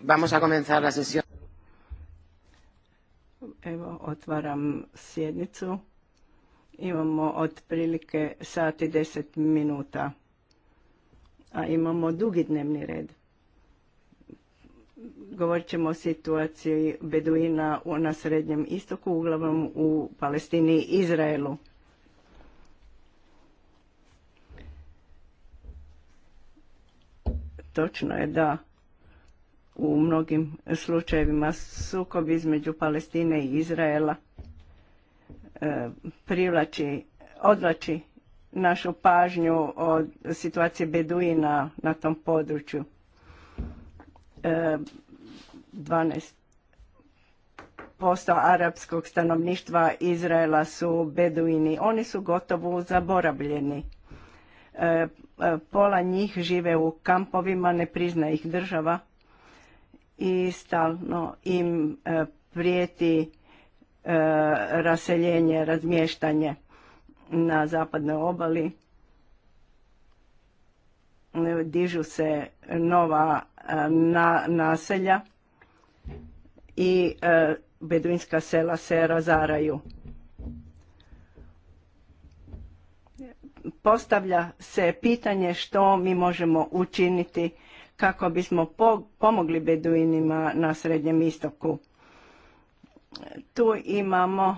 Vamos a comenzar la sesión. Evo, otvaram sjednicu. Imamo otprilike sati deset minuta, a imamo dugi dnevni red. Govorit ćemo o situaciji Beduina na Srednjem istoku, uglavnom u Palestini i Izraelu. Točno je da u mnogim slučajevima sukob između Palestine i Izraela e, privlači, odlači našu pažnju od situacije Beduina na tom području. 12% e, arapskog stanovništva Izraela su Beduini. Oni su gotovo zaboravljeni. E, pola njih žive u kampovima, ne prizna ih država i stalno im e, prijeti e, raseljenje, razmještanje na zapadnoj obali. E, dižu se nova naselja i beduinska sela se razaraju. Postavlja se pitanje što mi možemo učiniti kako bismo pomogli beduinima na Srednjem istoku. Tu imamo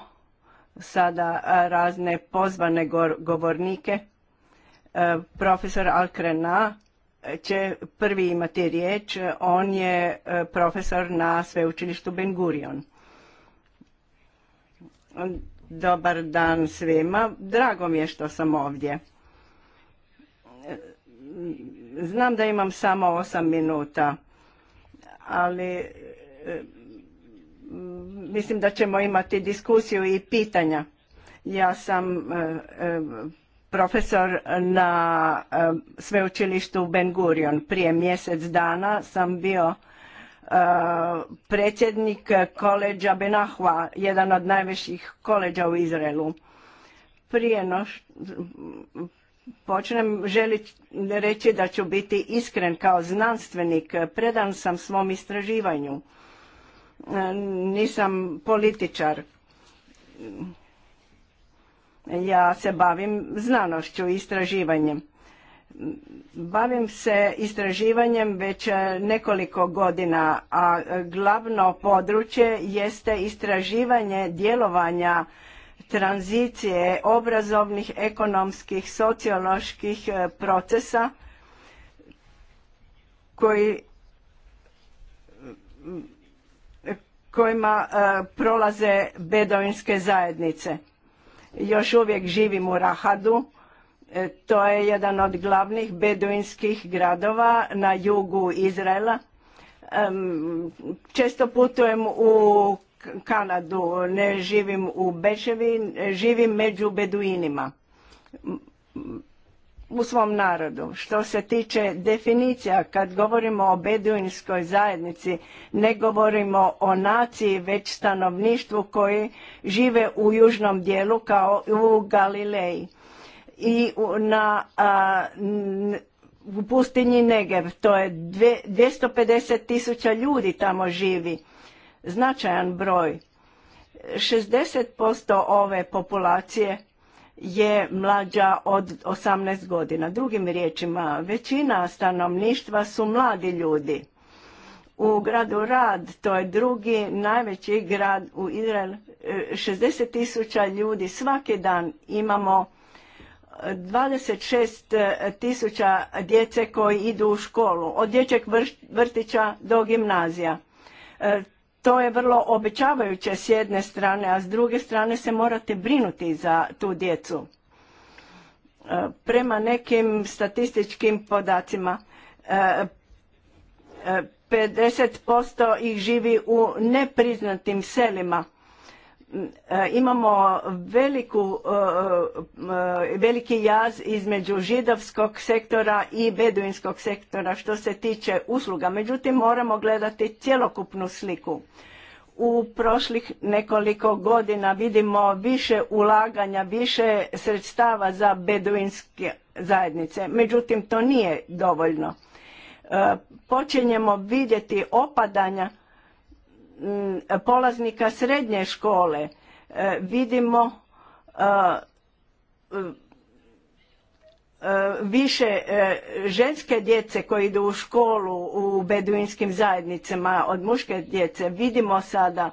sada razne pozvane govornike. E, profesor Alkrena će prvi imati riječ, on je e, profesor na sveučilištu Ben Gurion. Dobar dan svima, drago mi je što sam ovdje Znam da imam samo osam minuta, ali e, mislim da ćemo imati diskusiju i pitanja. Ja sam e, e, profesor na sveučilištu Ben Gurion. Prije mjesec dana sam bio predsjednik koleđa Benahua, jedan od najvećih koleđa u Izraelu. Prije počnem želiti reći da ću biti iskren kao znanstvenik, predan sam svom istraživanju. Nisam političar. Ja se bavim znanošću i istraživanjem. Bavim se istraživanjem već nekoliko godina, a glavno područje jeste istraživanje djelovanja tranzicije obrazovnih, ekonomskih, socioloških e, procesa koji kojima e, prolaze bedovinske zajednice. Još uvijek živim u Rahadu, e, to je jedan od glavnih bedovinskih gradova na jugu Izraela. često putujem u Kanadu, ne živim u Beševi, živim među beduinima u svom narodu. Što se tiče definicija, kad govorimo o beduinskoj zajednici, ne govorimo o naciji, već stanovništvu koji žive u južnom dijelu kao u Galileji i na u pustinji Negev. To je dve, 250 tisuća ljudi tamo živi značajan broj. 60% ove populacije je mlađa od 18 godina. Drugim riječima, većina stanovništva su mladi ljudi. U gradu Rad, to je drugi najveći grad u Izrael, 60 tisuća ljudi svaki dan imamo 26 tisuća djece koji idu u školu, od dječjeg vrtića do gimnazija. To je vrlo obećavajuće s jedne strane, a s druge strane se morate brinuti za tu djecu. E, prema nekim statističkim podacima, 50% e, e, ih živi u nepriznatim selima E, imamo veliku, e, e, veliki jaz između židovskog sektora i beduinskog sektora što se tiče usluga. Međutim, moramo gledati cjelokupnu sliku. U prošlih nekoliko godina vidimo više ulaganja, više sredstava za beduinske zajednice. Međutim, to nije dovoljno. Počinjemo vidjeti opadanja Mm, polaznika srednje škole e, vidimo e, e, više ženske djece koji idu u školu u beduinskim zajednicama od muške djece. Vidimo sada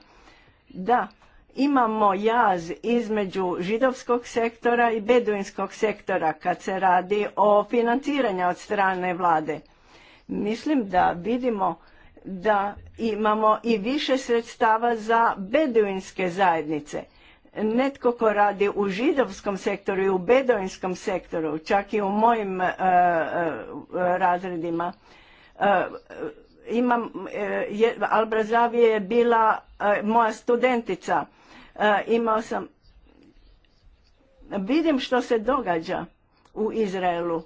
da imamo jaz između židovskog sektora i beduinskog sektora kad se radi o financiranju od strane vlade. Mislim da vidimo da imamo i više sredstava za beduinske zajednice. Netko ko radi u židovskom sektoru i u beduinskom sektoru, čak i u mojim e, e, razredima, e, imam, je bila moja studentica, imao sam, vidim što se događa u Izraelu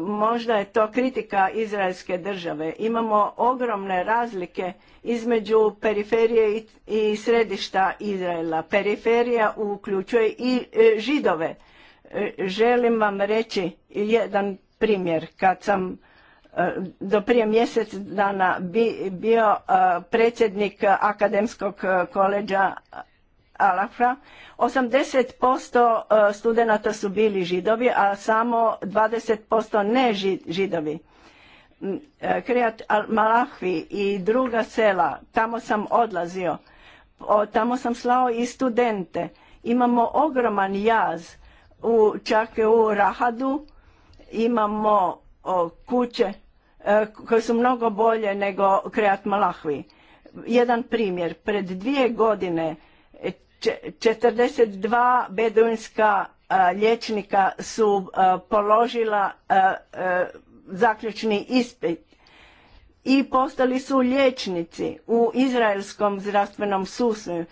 Možda je to kritika izraelske države. Imamo ogromne razlike između periferije i središta Izraela. Periferija uključuje i e, židove. E, želim vam reći jedan primjer. Kad sam e, do prije mjesec dana bio predsjednik Akademskog koleđa Alafra. 80% e, studenata su bili židovi, a samo 20% ne židovi. E, kreat Malahvi i druga sela, tamo sam odlazio, tamo sam slao i studente. Imamo ogroman jaz, u, čak u Rahadu imamo kuće e, koje su mnogo bolje nego Kreat Malahvi. Jedan primjer, pred dvije godine 42 beduinska liječnika su položila zaključni ispit i postali su liječnici u izraelskom zdravstvenom sustavu,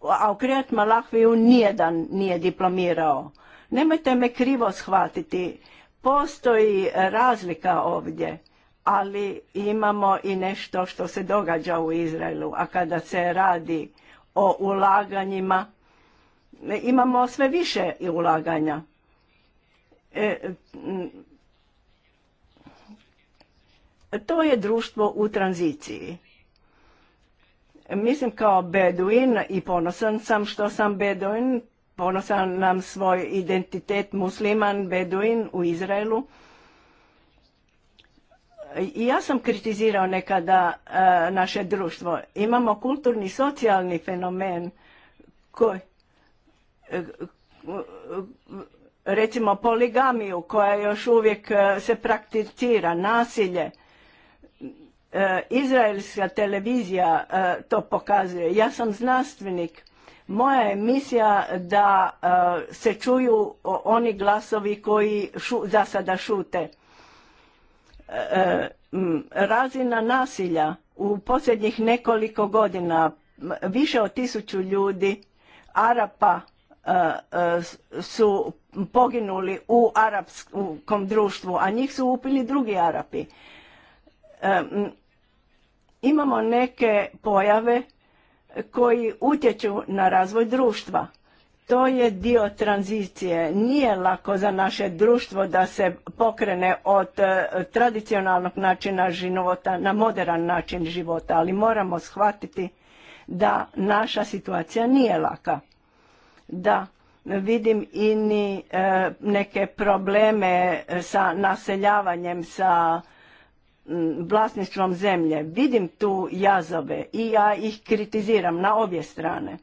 a u Krijat Malahviju nijedan nije diplomirao. Nemojte me krivo shvatiti, postoji razlika ovdje, ali imamo i nešto što se događa u Izraelu, a kada se radi o ulaganjima. E, imamo sve više ulaganja. E, to je društvo u tranziciji. Mislim kao Beduin i ponosan sam što sam Beduin, ponosan nam svoj identitet musliman, Beduin u Izraelu. I ja sam kritizirao nekada e, naše društvo. Imamo kulturni, socijalni fenomen koji e, e, recimo poligamiju koja još uvijek se prakticira, nasilje. Izraelska televizija to pokazuje. Ja sam znanstvenik. Moja je misija da se čuju oni glasovi koji zasada za sada šute. E, e, razina nasilja u posljednjih nekoliko godina više od tisuću ljudi Arapa e, su poginuli u arapskom društvu, a njih su upili drugi Arapi. Imamo neke pojave koji utječu na razvoj društva. To je dio tranzicije. Nije lako za naše društvo da se pokrene od e, tradicionalnog načina života na modern način života, ali moramo shvatiti da naša situacija nije laka. Da, vidim i ni e, neke probleme sa naseljavanjem, sa vlasništvom zemlje. Vidim tu jazove i ja ih kritiziram na obje strane.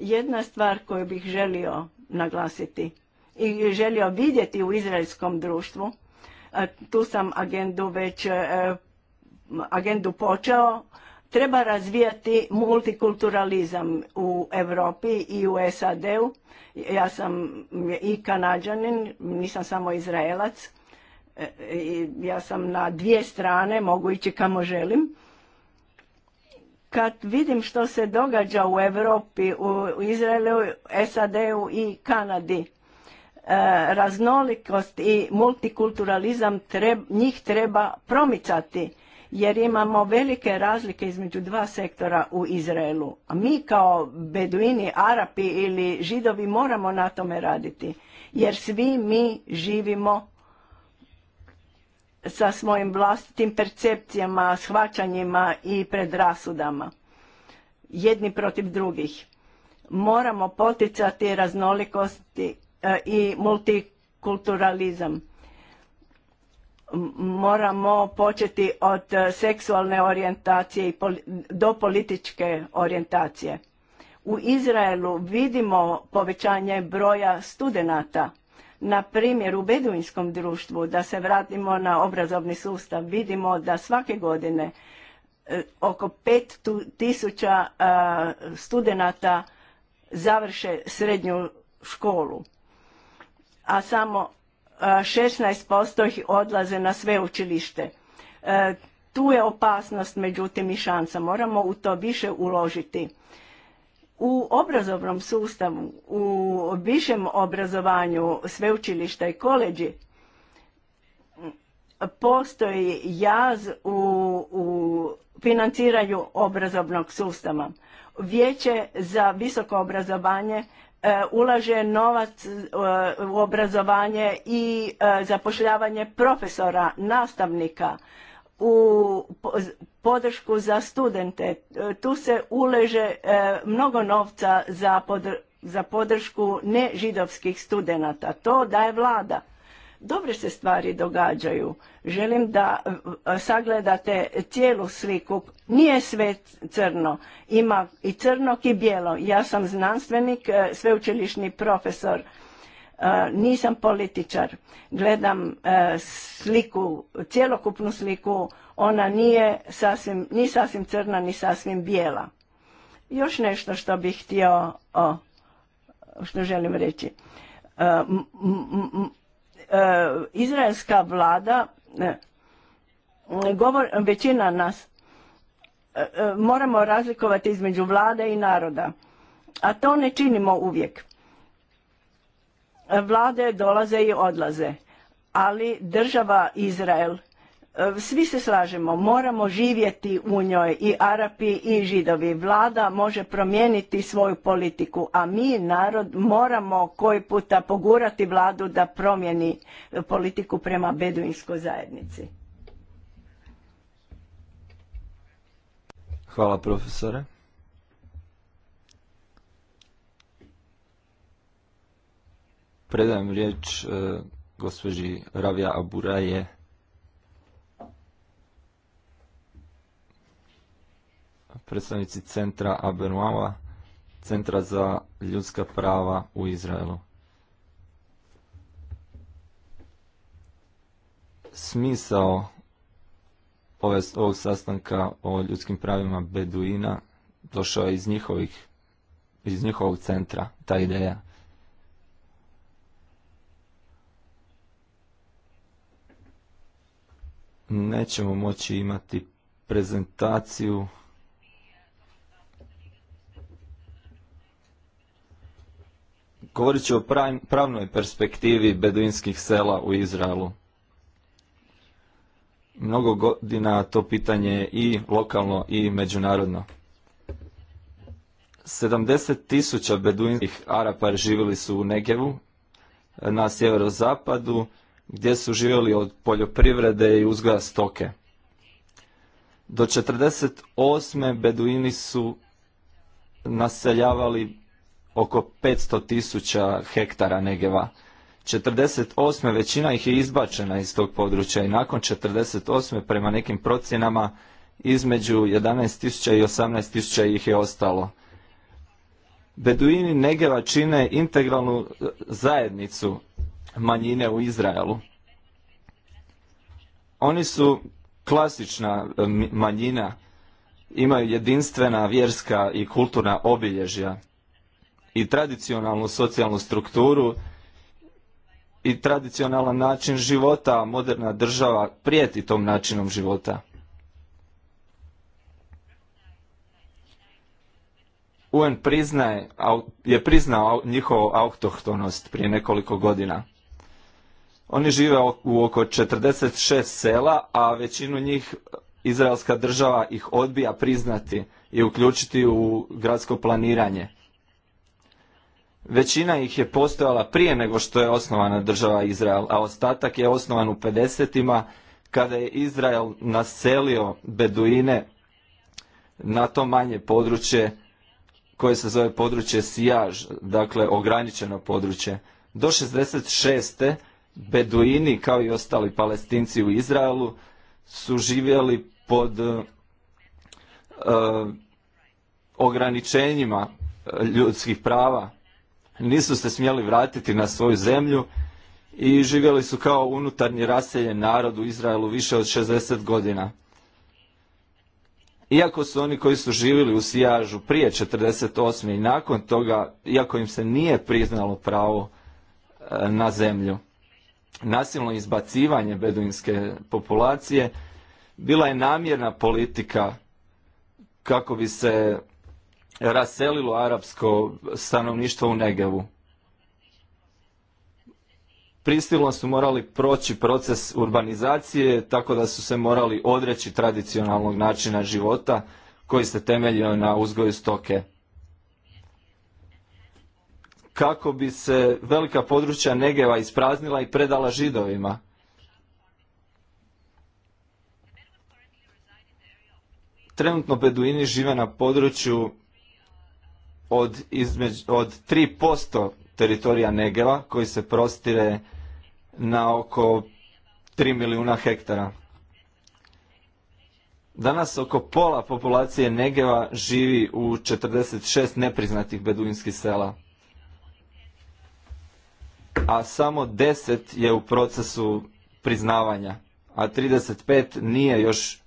Jedna stvar koju bih želio naglasiti i želio vidjeti u izraelskom društvu, tu sam agendu već e, agendu počeo, treba razvijati multikulturalizam u Europi i u SAD-u. Ja sam i kanadžanin, nisam samo izraelac. E, ja sam na dvije strane, mogu ići kamo želim kad vidim što se događa u Europi, u Izraelu, SAD-u i Kanadi, e, raznolikost i multikulturalizam njih treba promicati jer imamo velike razlike između dva sektora u Izraelu. A mi kao beduini, Arapi ili židovi moramo na tome raditi jer svi mi živimo sa svojim vlastitim percepcijama, shvaćanjima i predrasudama jedni protiv drugih. Moramo poticati raznolikosti e, i multikulturalizam. Moramo početi od seksualne orijentacije do političke orijentacije. U Izraelu vidimo povećanje broja studenata – na primjer, u beduinskom društvu, da se vratimo na obrazovni sustav, vidimo da svake godine e, oko 5000 studenata završe srednju školu, a samo 16% ih odlaze na sve učilište. E, tu je opasnost, međutim i šansa. Moramo u to više uložiti u obrazovnom sustavu, u višem obrazovanju sveučilišta i koleđi postoji jaz u, financiranju obrazovnog sustava. Vijeće za visoko obrazovanje e, ulaže novac e, u obrazovanje i e, zapošljavanje profesora, nastavnika, u podršku za studente. E, tu se uleže e, mnogo novca za, podršku nežidovskih studenata. To daje vlada. Dobre se stvari događaju. Želim da e, sagledate cijelu sliku. Nije sve crno. Ima i crnog i bijelo. Ja sam znanstvenik, sveučilišni profesor Eh, nisam političar, gledam eh, sliku, cjelokupnu sliku, ona nije sasvim, ni sasvim crna, ni sasvim bijela. Još nešto što bih htio, što želim reći. Eh, izraelska vlada, većina nas, moramo razlikovati između vlade i naroda, a to ne činimo uvijek vlade dolaze i odlaze, ali država Izrael, e, svi se slažemo, moramo živjeti u njoj i Arapi i Židovi. Vlada može promijeniti svoju politiku, a mi narod moramo koji puta pogurati vladu da promijeni politiku prema beduinskoj zajednici. Hvala profesore. Predajem riječ e, gospođi Ravija Aburaje. predstavnici centra Abenuava, centra za ljudska prava u Izraelu. Smisao ovog sastanka o ljudskim pravima Beduina došao je iz njihovih iz njihovog centra, ta ideja. nećemo moći imati prezentaciju Govorit ću o pravnoj perspektivi beduinskih sela u Izraelu. Mnogo godina to pitanje je i lokalno i međunarodno. 70 tisuća beduinskih Arapa živjeli su u Negevu, na sjeverozapadu, gdje su živjeli od poljoprivrede i uzgoja stoke. Do 48. beduini su naseljavali oko 500.000 tisuća hektara Negeva. 48. većina ih je izbačena iz tog područja i nakon 48. prema nekim procjenama između 11.000 i 18.000 ih je ostalo. Beduini Negeva čine integralnu e, zajednicu manjine u Izraelu. Oni su klasična e, manjina, imaju jedinstvena vjerska i kulturna obilježja i tradicionalnu socijalnu strukturu i tradicionalan način života, moderna država prijeti tom načinom života. UN priznaje, je priznao njihovu autohtonost prije nekoliko godina. Oni žive u oko 46 sela, a većinu njih izraelska država ih odbija priznati i uključiti u gradsko planiranje. Većina ih je postojala prije nego što je osnovana država Izrael, a ostatak je osnovan u 50-ima kada je Izrael naselio Beduine na to manje područje koje se zove područje Sijaž, dakle ograničeno područje. Do 66. Beduini kao i ostali palestinci u Izraelu su živjeli pod e, e, ograničenjima e, ljudskih prava. Nisu se smjeli vratiti na svoju zemlju i živjeli su kao unutarnji raseljen narod u Izraelu više od 60 godina. Iako su oni koji su živjeli u Sijažu prije 48. i nakon toga, iako im se nije priznalo pravo na zemlju nasilno izbacivanje beduinske populacije bila je namjerna politika kako bi se raselilo arapsko stanovništvo u Negevu. Pristilno su morali proći proces urbanizacije, tako da su se morali odreći tradicionalnog načina života koji se temeljio na uzgoju stoke kako bi se velika područja Negeva ispraznila i predala židovima. Trenutno beduini žive na području od, tri od 3% teritorija Negeva koji se prostire na oko 3 milijuna hektara. Danas oko pola populacije Negeva živi u 46 nepriznatih beduinskih sela a samo 10 je u procesu priznavanja, a 35 nije još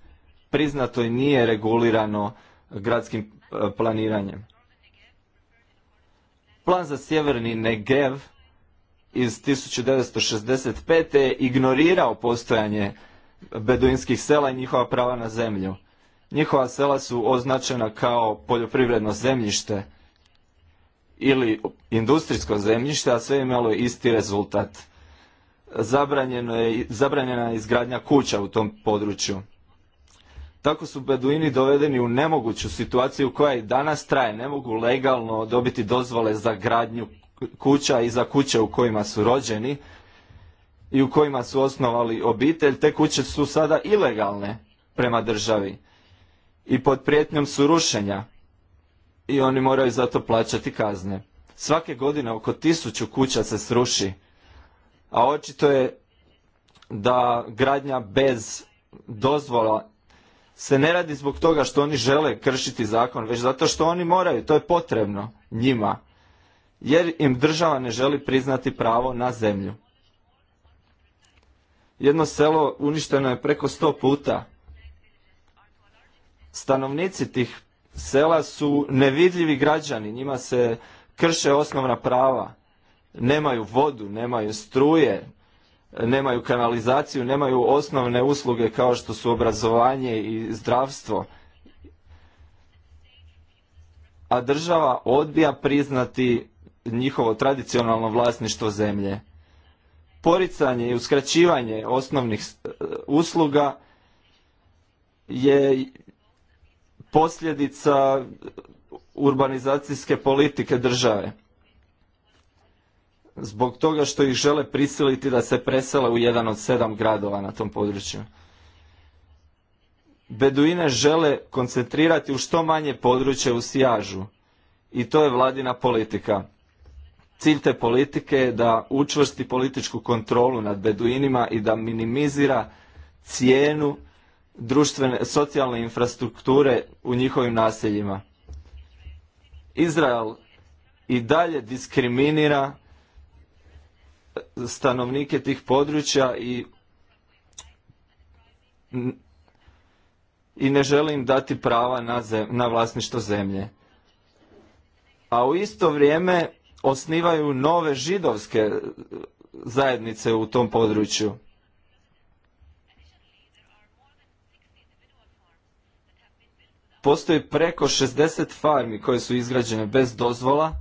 priznato i nije regulirano gradskim e, planiranjem. Plan za sjeverni Negev iz 1965. je ignorirao postojanje beduinskih sela i njihova prava na zemlju. Njihova sela su označena kao poljoprivredno zemljište ili industrijsko zemljište, a sve je imalo isti rezultat. Zabranjeno je, zabranjena je izgradnja kuća u tom području. Tako su beduini dovedeni u nemoguću situaciju koja i danas traje. Ne mogu legalno dobiti dozvole za gradnju kuća i za kuće u kojima su rođeni i u kojima su osnovali obitelj. Te kuće su sada ilegalne prema državi i pod prijetnjom su rušenja i oni moraju zato plaćati kazne. Svake godine oko tisuću kuća se sruši, a očito je da gradnja bez dozvola se ne radi zbog toga što oni žele kršiti zakon, već zato što oni moraju, to je potrebno njima, jer im država ne želi priznati pravo na zemlju. Jedno selo uništeno je preko sto puta. Stanovnici tih Sela su nevidljivi građani, njima se krše osnovna prava. Nemaju vodu, nemaju struje, nemaju kanalizaciju, nemaju osnovne usluge kao što su obrazovanje i zdravstvo. A država odbija priznati njihovo tradicionalno vlasništvo zemlje. Poricanje i uskraćivanje osnovnih e, usluga je posljedica urbanizacijske politike države. Zbog toga što ih žele prisiliti da se presele u jedan od sedam gradova na tom području. Beduine žele koncentrirati u što manje područje u Sijažu. I to je vladina politika. Cilj te politike je da učvrsti političku kontrolu nad Beduinima i da minimizira cijenu društvene, socijalne infrastrukture u njihovim naseljima. Izrael i dalje diskriminira e, stanovnike tih područja i i ne želi im dati prava na, na vlasništvo zemlje. A u isto vrijeme osnivaju nove židovske e, zajednice u tom području. Postoji preko 60 farmi koje su izgrađene bez dozvola,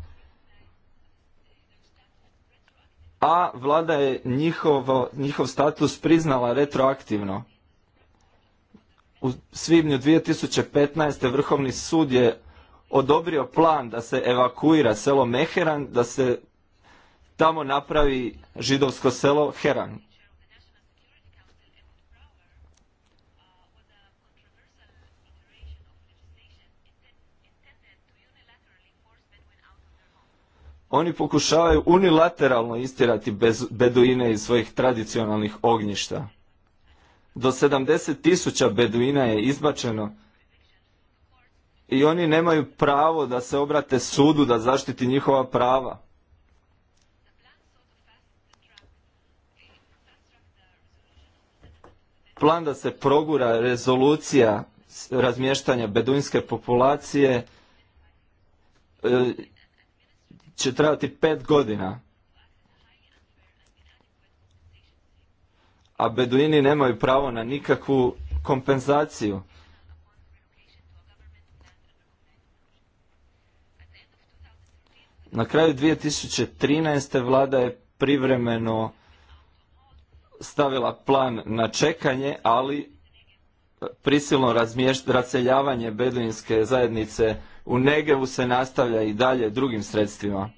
a vlada je njihov status priznala retroaktivno. U svibnju 2015. Vrhovni sud je odobrio plan da se evakuira selo Meheran, da se tamo napravi židovsko selo Heran. oni pokušavaju unilateralno istirati beduine iz svojih tradicionalnih ognjišta. Do 70 tisuća beduina je izbačeno i oni nemaju pravo da se obrate sudu da zaštiti njihova prava. Plan da se progura rezolucija razmještanja beduinske populacije e, će trajati pet godina. A beduini nemaju pravo na nikakvu kompenzaciju. Na kraju 2013. vlada je privremeno stavila plan na čekanje, ali prisilno raseljavanje beduinske zajednice u Negevu se nastavlja i dalje drugim sredstvima.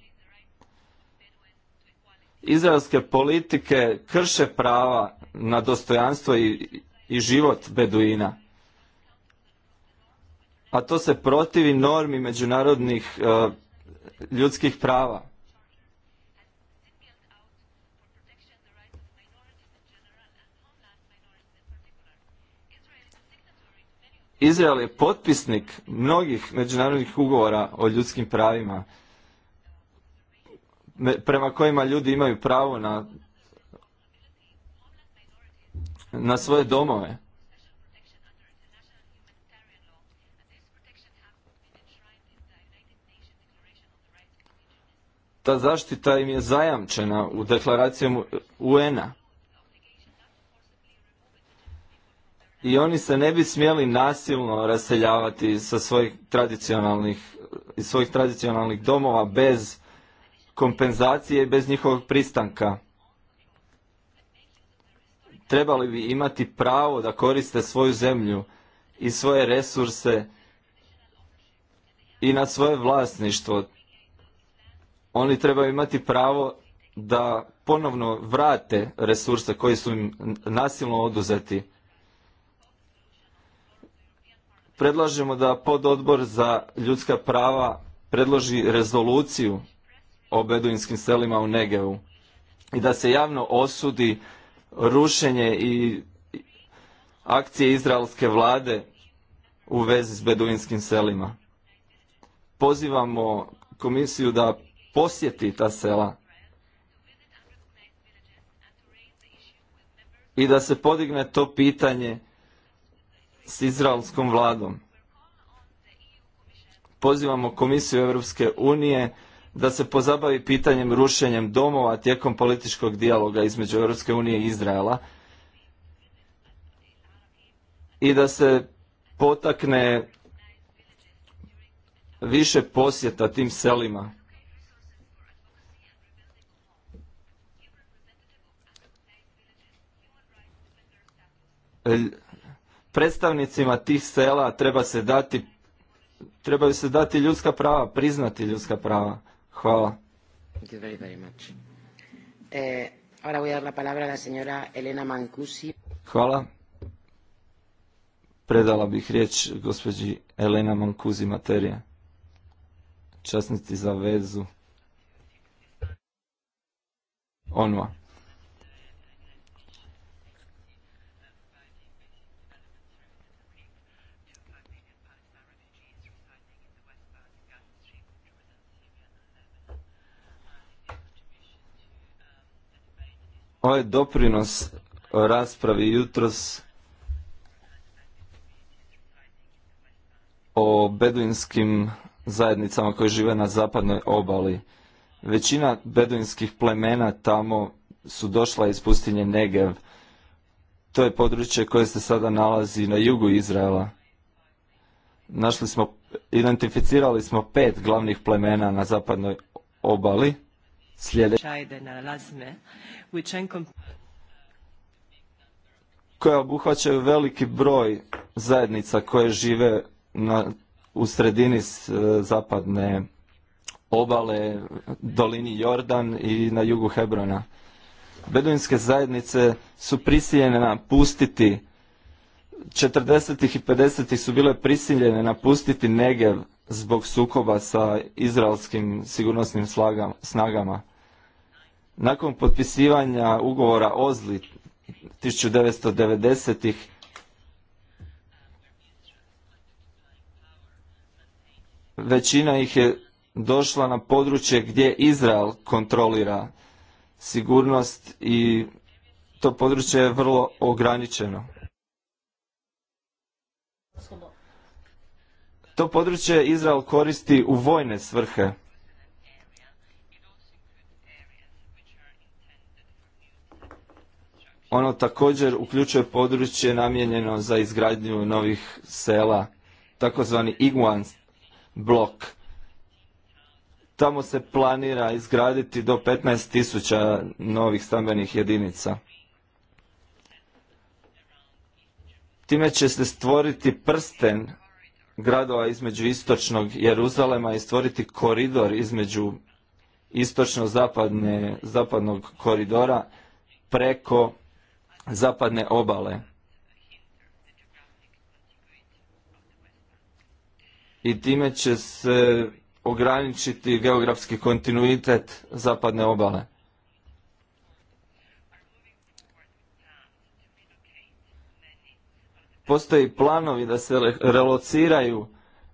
Izraelske politike krše prava na dostojanstvo i, i život Beduina. A to se protivi normi međunarodnih e, ljudskih prava. Izrael je potpisnik mnogih međunarodnih ugovora o ljudskim pravima prema kojima ljudi imaju pravo na na svoje domove. Ta zaštita im je zajamčena u Deklaracijom UN-a. i oni se ne bi smjeli nasilno raseljavati sa svojih tradicionalnih, iz svojih tradicionalnih domova bez kompenzacije i bez njihovog pristanka. Trebali bi imati pravo da koriste svoju zemlju i svoje resurse i na svoje vlasništvo. Oni trebaju imati pravo da ponovno vrate resurse koji su im nasilno oduzeti predlažemo da pododbor za ljudska prava predloži rezoluciju o beduinskim selima u Negevu i da se javno osudi rušenje i akcije izraelske vlade u vezi s beduinskim selima. Pozivamo komisiju da posjeti ta sela i da se podigne to pitanje s izraelskom vladom. Pozivamo Komisiju Europske unije da se pozabavi pitanjem rušenjem domova tijekom političkog dijaloga između Europske unije i Izraela i da se potakne više posjeta tim selima predstavnicima tih sela treba se dati trebaju se dati ljudska prava, priznati ljudska prava. Hvala. Elena Mancusi. Hvala. Predala bih riječ gospođi Elena Mancusi Materija. Časnici za vezu. Ono. Ovaj doprinos o raspravi jutros o beduinskim zajednicama koje žive na zapadnoj obali. Većina beduinskih plemena tamo su došla iz pustinje Negev. To je područje koje se sada nalazi na jugu Izraela. Našli smo, identificirali smo pet glavnih plemena na zapadnoj obali koje koja obuhvaćaju veliki broj zajednica koje žive u sredini e, zapadne obale, dolini Jordan i na jugu Hebrona. Beduinske zajednice su prisiljene napustiti, 40. i 50. su bile prisiljene napustiti Negev zbog sukoba sa izraelskim sigurnosnim snagama. Nakon potpisivanja ugovora Ozli 1990-ih većina ih je došla na područje gdje Izrael kontrolira sigurnost i to područje je vrlo ograničeno. To područje Izrael koristi u vojne svrhe. Ono također uključuje područje namijenjeno za izgradnju novih sela, takozvani Iguan blok. Tamo se planira izgraditi do 15.000 novih stambenih jedinica. Time će se stvoriti prsten gradova između istočnog Jeruzalema i stvoriti koridor između istočno-zapadnog koridora preko zapadne obale. I time će se ograničiti geografski kontinuitet zapadne obale. Postoji planovi da se relociraju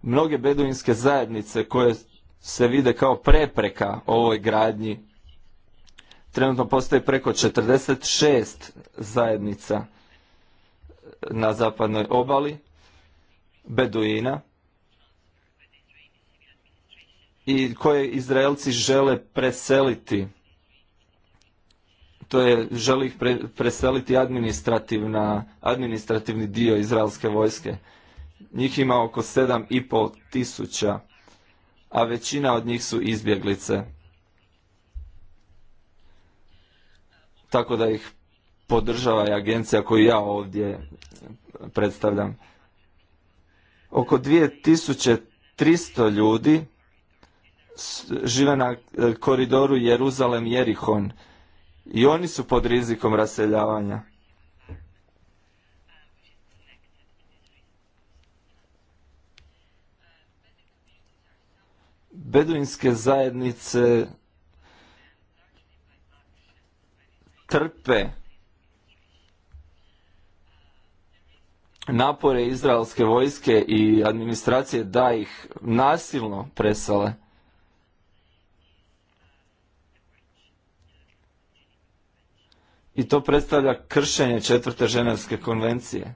mnoge beduinske zajednice koje se vide kao prepreka ovoj gradnji Trenutno postoji preko 46 zajednica na zapadnoj obali, Beduina, i koje Izraelci žele preseliti. To je, želi ih preseliti administrativna, administrativni dio izraelske vojske. Njih ima oko 7,5 tisuća, a većina od njih su izbjeglice. tako da ih podržava i agencija koju ja ovdje e, predstavljam. Oko 2300 ljudi žive na e, koridoru Jeruzalem-Jerihon i oni su pod rizikom raseljavanja. Beduinske zajednice trpe napore izraelske vojske i administracije da ih nasilno presale. I to predstavlja kršenje četvrte ženevske konvencije.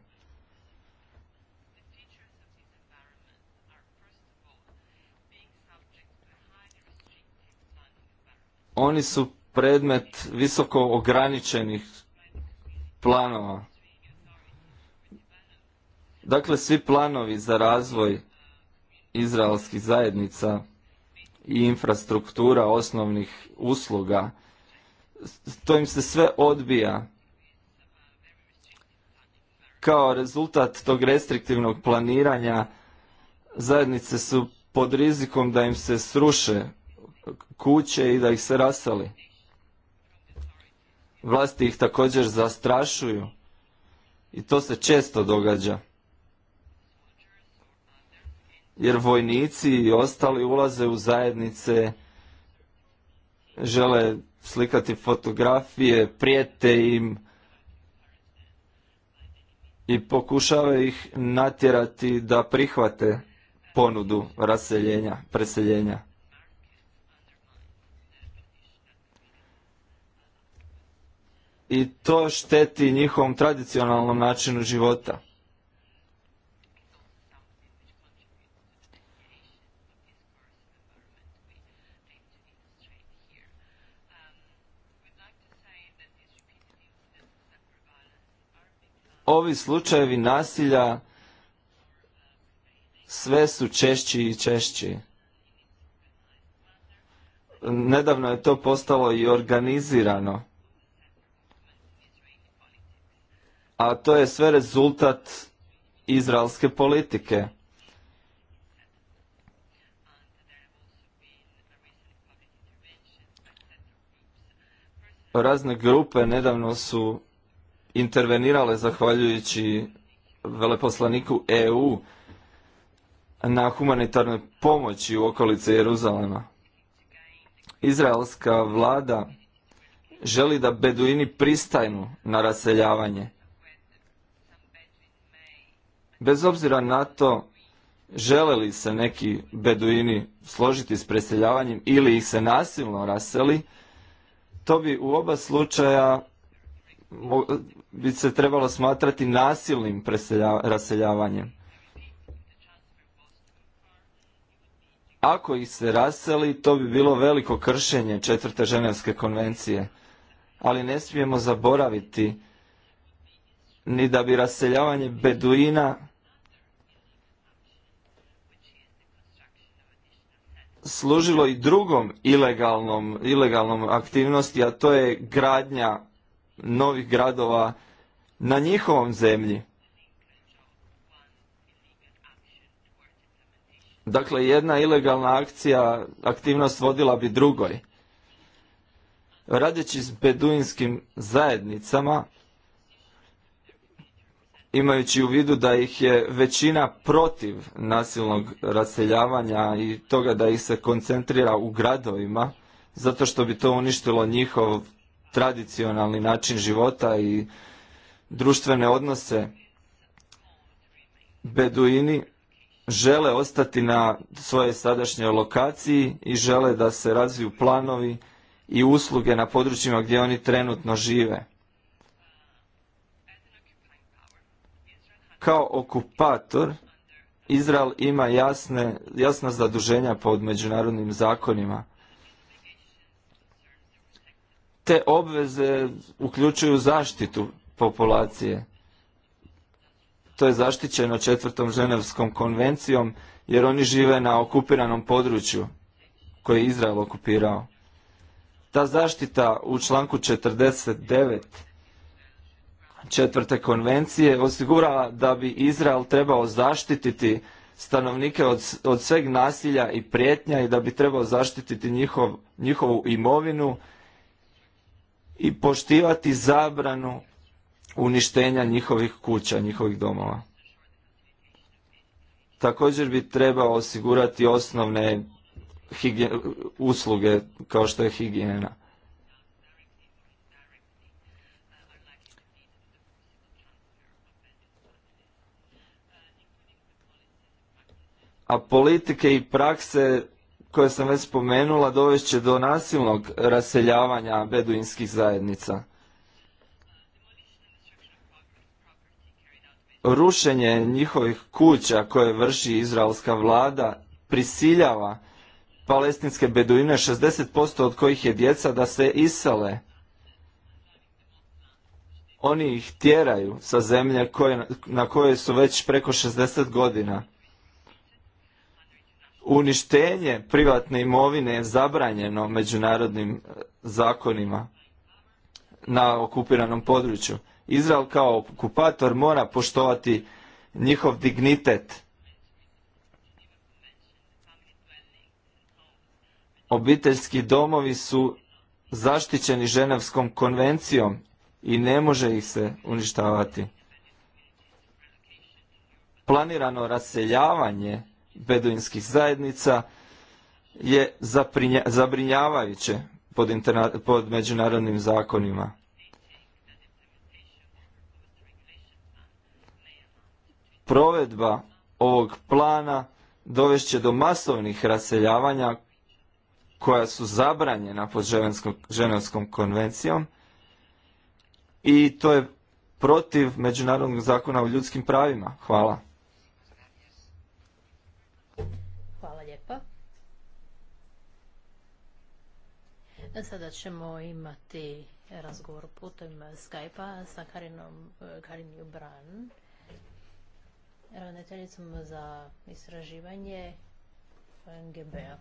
Oni su predmet visoko ograničenih planova. Dakle, svi planovi za razvoj izraelskih zajednica i infrastruktura osnovnih usluga, to im se sve odbija kao rezultat tog restriktivnog planiranja zajednice su pod rizikom da im se sruše kuće i da ih se rasali vlasti ih također zastrašuju i to se često događa. Jer vojnici i ostali ulaze u zajednice, žele slikati fotografije, prijete im i pokušava ih natjerati da prihvate ponudu raseljenja, preseljenja. i to šteti njihovom tradicionalnom načinu života. Ovi slučajevi nasilja sve su češći i češći. Nedavno je to postalo i organizirano. a to je sve rezultat izraelske politike. Razne grupe nedavno su intervenirale zahvaljujući veleposlaniku EU na humanitarnoj pomoći u okolici Jeruzalema. Izraelska vlada želi da beduini pristajnu na raseljavanje. Bez obzira na to žele li se neki beduini složiti s preseljavanjem ili ih se nasilno raseli, to bi u oba slučaja bi se trebalo smatrati nasilnim raseljavanjem. Ako ih se raseli, to bi bilo veliko kršenje četvrte ženevske konvencije. Ali ne smijemo zaboraviti ni da bi raseljavanje beduina služilo i drugom ilegalnom, ilegalnom aktivnosti, a to je gradnja novih gradova na njihovom zemlji. Dakle, jedna ilegalna akcija, aktivnost vodila bi drugoj. Radeći s beduinskim zajednicama, imajući u vidu da ih je većina protiv nasilnog raseljavanja i toga da ih se koncentrira u gradovima, zato što bi to uništilo njihov tradicionalni način života i društvene odnose. Beduini žele ostati na svojoj sadašnjoj lokaciji i žele da se razviju planovi i usluge na područjima gdje oni trenutno žive. Kao okupator Izrael ima jasne, jasna zaduženja pod međunarodnim zakonima. Te obveze uključuju zaštitu populacije. To je zaštićeno četvrtom ženevskom konvencijom jer oni žive na okupiranom području koje je Izrael okupirao. Ta zaštita u članku 49 četvrte konvencije osigurava da bi Izrael trebao zaštititi stanovnike od, od sveg nasilja i prijetnja i da bi trebao zaštititi njihov, njihovu imovinu i poštivati zabranu uništenja njihovih kuća, njihovih domova. Također bi trebao osigurati osnovne usluge kao što je higijena. a politike i prakse koje sam već spomenula dovest će do nasilnog raseljavanja beduinskih zajednica. Rušenje njihovih kuća koje vrši izraelska vlada prisiljava palestinske beduine, 60% od kojih je djeca, da se isele. Oni ih tjeraju sa zemlje na kojoj su već preko 60 godina uništenje privatne imovine je zabranjeno međunarodnim e, zakonima na okupiranom području. Izrael kao okupator mora poštovati njihov dignitet. Obiteljski domovi su zaštićeni Ženevskom konvencijom i ne može ih se uništavati. Planirano raseljavanje beduinskih zajednica je zabrinjavajuće pod, pod međunarodnim zakonima. Provedba ovog plana dovešće do masovnih raseljavanja koja su zabranjena pod Ženevskom konvencijom i to je protiv Međunarodnog zakona o ljudskim pravima. Hvala. Sada ćemo imati razgovor putem Skype-a sa Karinom, e, Karin Jubran, ravnateljicom za istraživanje NGB-a.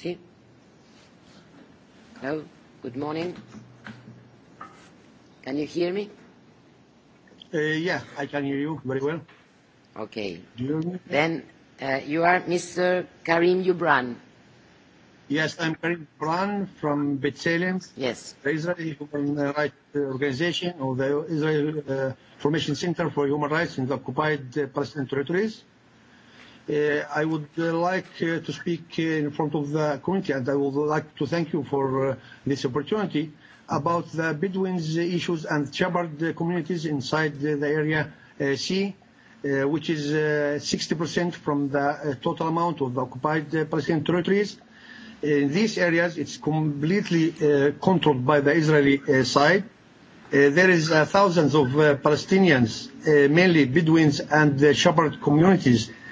See. Hello, good morning. Can you hear me? Uh, yeah, I can hear you very well. Okay. Do you hear me? Then uh, you are Mr. Karim Yubran. Yes, I'm Karim Yubran from Bethlehem. Yes. The Israeli Human Rights Organization or the Israel uh, Formation Center for Human Rights in the occupied uh, Palestinian territories. Uh, I would uh, like uh, to speak in front of the committee, and I would like to thank you for this opportunity about the Bedouins issues and shepherd communities inside the area C, which is 60% from the total amount of the occupied Palestinian territories. In these areas, it's completely controlled by the Israeli side. There is thousands of Palestinians, mainly Bedouins and shepherd communities,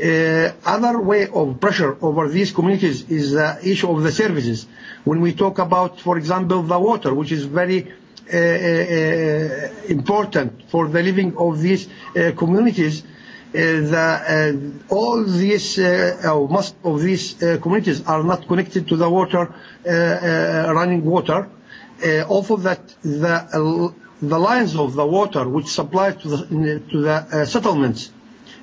Uh, other way of pressure over these communities is the uh, issue of the services. When we talk about, for example, the water, which is very uh, uh, important for the living of these uh, communities, uh, the, uh, all these, uh, uh, most of these uh, communities are not connected to the water, uh, uh, running water. Uh, also that the, uh, the lines of the water which supply to the, uh, to the uh, settlements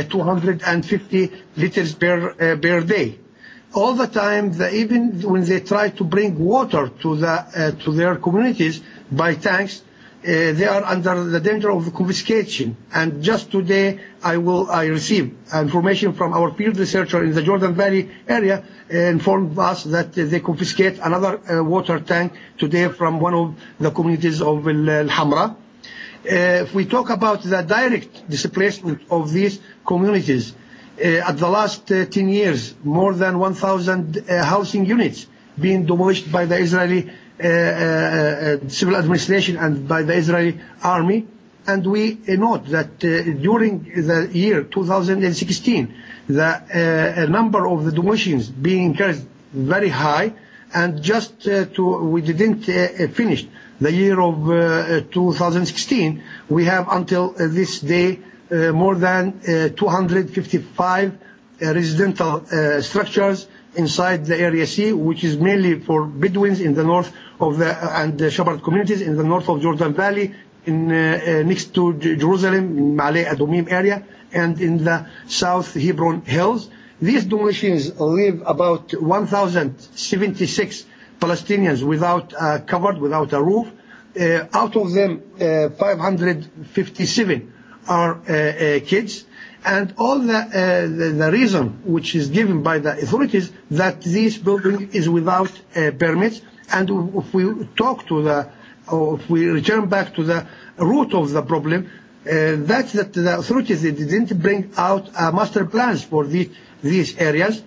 250 uh, liters per, uh, per day. All the time, the, even when they try to bring water to, the, uh, to their communities by tanks, Uh, they are under the danger of confiscation. And just today, I will I received information from our field researcher in the Jordan Valley area uh, informed us that uh, they confiscate another uh, water tank today from one of the communities of Al Hamra. Uh, if we talk about the direct displacement of these communities, uh, at the last 10 uh, years, more than 1,000 housing units being demolished by the Israeli civil administration and by the Israeli army. And we note that during the year 2016, the number of the demolitions being carried very high, and just to, we didn't finish the year of uh, 2016, uh, we have until uh, this day uh, more than uh, 255 uh, residential structures inside the Area C, which is mainly for Bedouins in the north of the and the Shepherd communities in the north of Jordan Valley, in next to J Jerusalem, Malay Adumim area, and in the south Hebron Hills. These Domitians live about 1,076 Palestinians without uh, covered without a roof. Uh, out of them, uh, 557 are uh, uh, kids, and all the, uh, the the reason which is given by the authorities that this building is without uh, permits. And if we talk to the, or if we return back to the root of the problem, uh, that's that the authorities didn't bring out uh, master plans for these these areas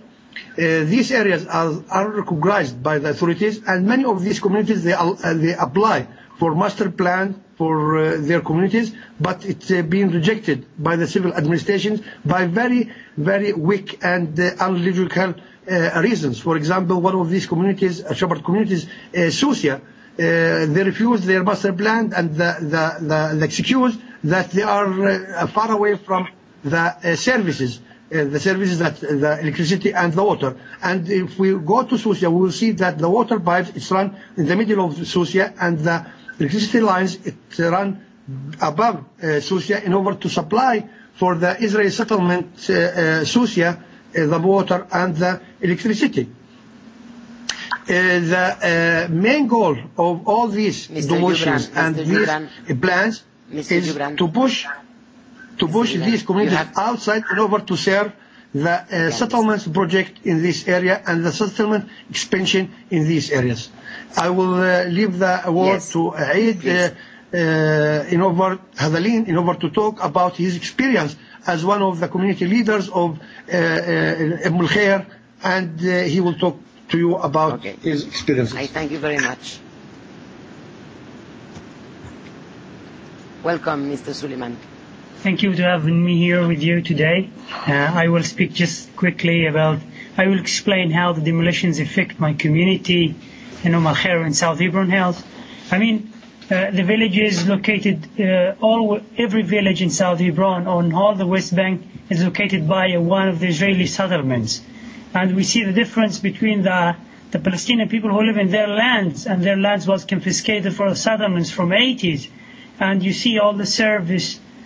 Uh, these areas are, are recognized by the authorities and many of these communities they, uh, they apply for master plan for uh, their communities but it's uh, being rejected by the civil administrations by very very weak and uh, uh, reasons for example one of these communities uh, shepherd communities uh, Susia uh, they refuse their master plan and the, the, the, the excuse that they are uh, far away from the uh, services uh, the services that uh, the electricity and the water. And if we go to Susia, we will see that the water pipes it's run in the middle of Susia and the electricity lines it run above uh, Susia in order to supply for the Israeli settlement uh, uh, Susia uh, the water and the electricity. Uh, the uh, main goal of all these Mr. and Mr. these plans Mr. is to push to push these communities outside and over to serve the uh, settlements project in this area and the settlement expansion in these areas. I will uh, leave the word yes. to Aid uh, uh, in over Hadalin in over to talk about his experience as one of the community leaders of uh, uh, Khair and uh, he will talk to you about okay. his experience. I thank you very much. Welcome, Mr. Suleiman thank you to having me here with you today. Uh, I will speak just quickly about, I will explain how the demolitions affect my community umm in Omar and South Hebron Health. I mean, uh, the village is located, uh, all, every village in South Hebron on all the West Bank is located by one of the Israeli settlements. And we see the difference between the, the Palestinian people who live in their lands and their lands was confiscated for settlements from 80s. And you see all the service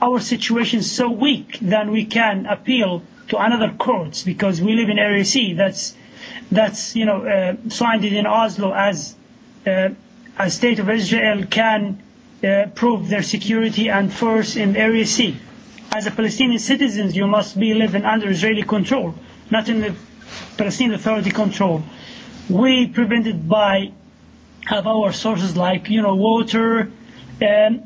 our situation is so weak that we can appeal to another courts because we live in Area C. That's, that's you know, uh, signed it in Oslo as uh, a state of Israel can uh, prove their security and force in Area C. As a Palestinian citizens, you must be living under Israeli control, not in the Palestinian Authority control. We prevented by have our sources like you know water, and um,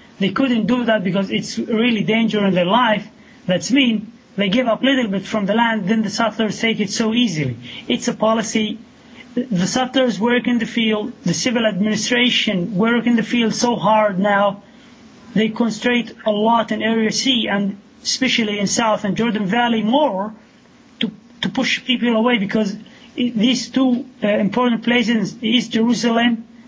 They couldn't do that because it's really danger in their life. That's mean they give up little bit from the land, then the settlers take it so easily. It's a policy. The settlers work in the field. The civil administration work in the field so hard now. They concentrate a lot in Area C and especially in South and Jordan Valley more to, to push people away because these two uh, important places, East Jerusalem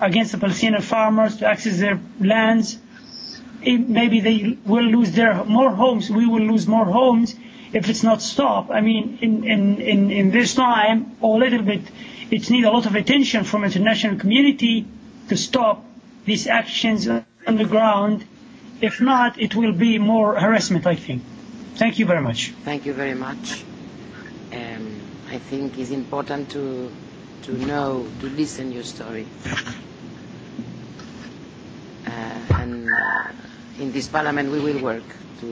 against the Palestinian farmers to access their lands. It, maybe they will lose their more homes. We will lose more homes if it's not stopped. I mean, in, in, in, in this time, or a little bit, it needs a lot of attention from international community to stop these actions on the ground. If not, it will be more harassment, I think. Thank you very much. Thank you very much. Um, I think it's important to to know, to listen your story and uh, in this Parliament we will work to,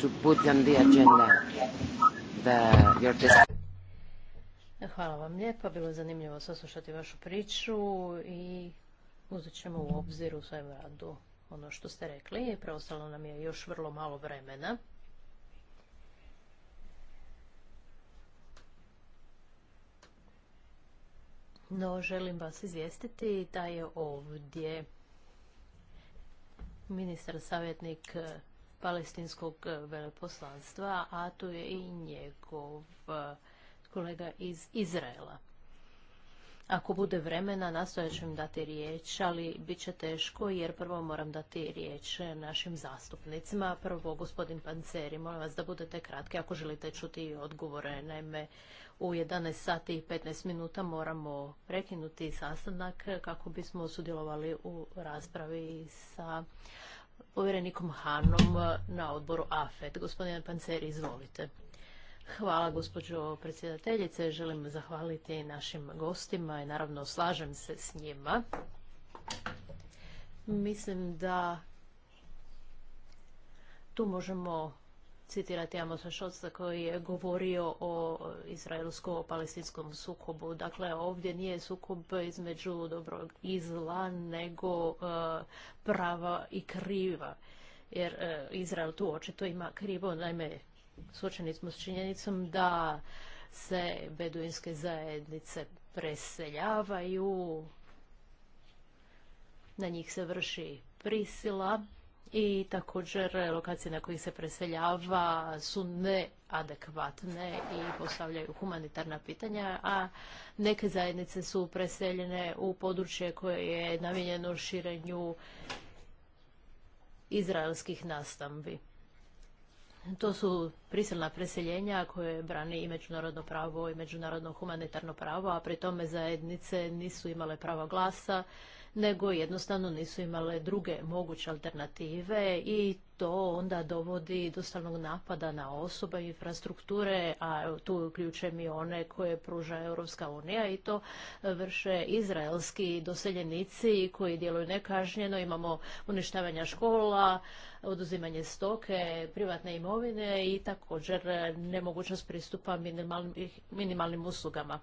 to put on the agenda the, your testimony. Hvala vam lijepa, bilo je zanimljivo saslušati vašu priču i uzet ćemo u obzir u svojem radu ono što ste rekli. Preostalo nam je još vrlo malo vremena. No, želim vas izvijestiti da je ovdje ministar savjetnik e, palestinskog e, veleposlanstva, a tu je i njegov e, kolega iz Izraela. Ako bude vremena, nastojat ću im dati riječ, ali bit će teško jer prvo moram dati riječ našim zastupnicima. Prvo, gospodin Panceri, molim vas da budete kratki ako želite čuti odgovore. Naime, u 11 sati i 15 minuta moramo prekinuti sastanak kako bismo sudjelovali u raspravi sa povjerenikom Hanom na odboru AFET. Gospodine Panceri, izvolite. Hvala gospođo predsjedateljice. Želim zahvaliti našim gostima i naravno slažem se s njima. Mislim da tu možemo citirati Amosa Šoca koji je govorio o izraelsko-palestinskom sukobu. Dakle, ovdje nije sukob između dobrog i zla, nego e, prava i kriva. Jer e, Izrael tu očito ima krivo. Naime, suočeni smo s činjenicom da se beduinske zajednice preseljavaju, na njih se vrši prisila i također lokacije na kojih se preseljava su neadekvatne i postavljaju humanitarna pitanja, a neke zajednice su preseljene u područje koje je namijenjeno širenju izraelskih nastambi. To su prisilna preseljenja koje brani i međunarodno pravo i međunarodno humanitarno pravo, a pri tome zajednice nisu imale pravo glasa nego jednostavno nisu imale druge moguće alternative i to onda dovodi do stalnog napada na osobe i infrastrukture, a tu uključujem i one koje pruža Europska unija i to vrše izraelski doseljenici koji djeluju nekažnjeno. Imamo uništavanja škola, oduzimanje stoke, privatne imovine i također nemogućnost pristupa minimalnim uslugama.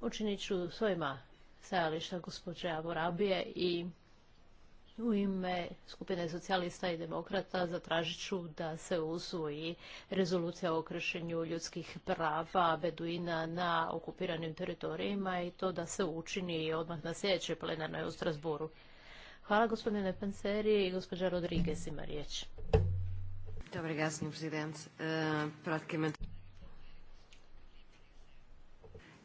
Učinit ću svojima stajališta gospođe Aborabije i u ime skupine socijalista i demokrata zatražit ću da se usvoji rezolucija o kršenju ljudskih prava Beduina na okupiranim teritorijima i to da se učini odmah na sljedećoj plenarnoj u Strasburu. Hvala gospodine Panseri i gospođa Rodriguez ima riječ. Dobar